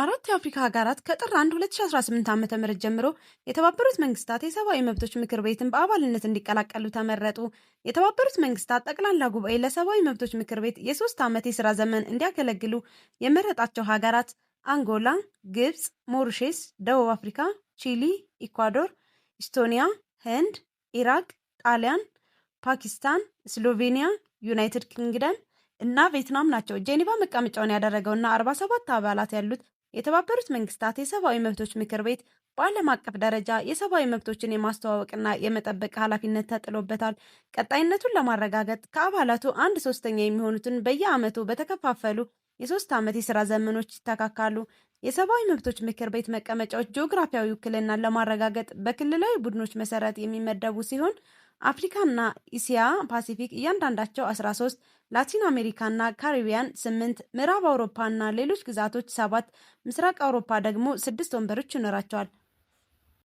አራት የአፍሪካ ሀገራት ከጥር 1 2018 ዓ.ም ጀምሮ የተባበሩት መንግስታት የሰብአዊ መብቶች ምክር ቤትን በአባልነት እንዲቀላቀሉ ተመረጡ። የተባበሩት መንግስታት ጠቅላላ ጉባኤ ለሰብአዊ መብቶች ምክር ቤት የሶስት ዓመት የሥራ ዘመን እንዲያገለግሉ የመረጣቸው ሀገራት አንጎላ፣ ግብፅ፣ ሞሪሼስ፣ ደቡብ አፍሪካ፣ ቺሊ፣ ኢኳዶር፣ ኢስቶኒያ፣ ህንድ፣ ኢራቅ፣ ጣሊያን፣ ፓኪስታን፣ ስሎቬኒያ፣ ዩናይትድ ኪንግደም እና ቬትናም ናቸው። ጄኔቫ መቀመጫውን ያደረገውና 47 አባላት ያሉት የተባበሩት መንግስታት የሰብአዊ መብቶች ምክር ቤት በዓለም አቀፍ ደረጃ የሰብአዊ መብቶችን የማስተዋወቅና የመጠበቅ ኃላፊነት ተጥሎበታል። ቀጣይነቱን ለማረጋገጥ ከአባላቱ አንድ ሶስተኛ የሚሆኑትን በየዓመቱ በተከፋፈሉ የሶስት ዓመት የስራ ዘመኖች ይተካካሉ። የሰብአዊ መብቶች ምክር ቤት መቀመጫዎች ጂኦግራፊያዊ ውክልናን ለማረጋገጥ በክልላዊ ቡድኖች መሰረት የሚመደቡ ሲሆን አፍሪካና እስያ ፓሲፊክ እያንዳንዳቸው 13፣ ላቲን አሜሪካና ካሪቢያን 8፣ ምዕራብ አውሮፓና ሌሎች ግዛቶች ሰባት፣ ምስራቅ አውሮፓ ደግሞ ስድስት ወንበሮች ይኖራቸዋል።